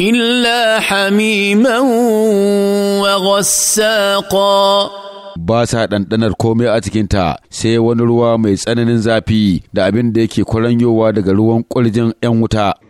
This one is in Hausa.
إلا حميما وغساقا ba sa ɗanɗanar komai a cikinta sai wani ruwa mai tsananin zafi da abin da yake kwaranyowa daga ruwan ƙwarjin 'yan wuta.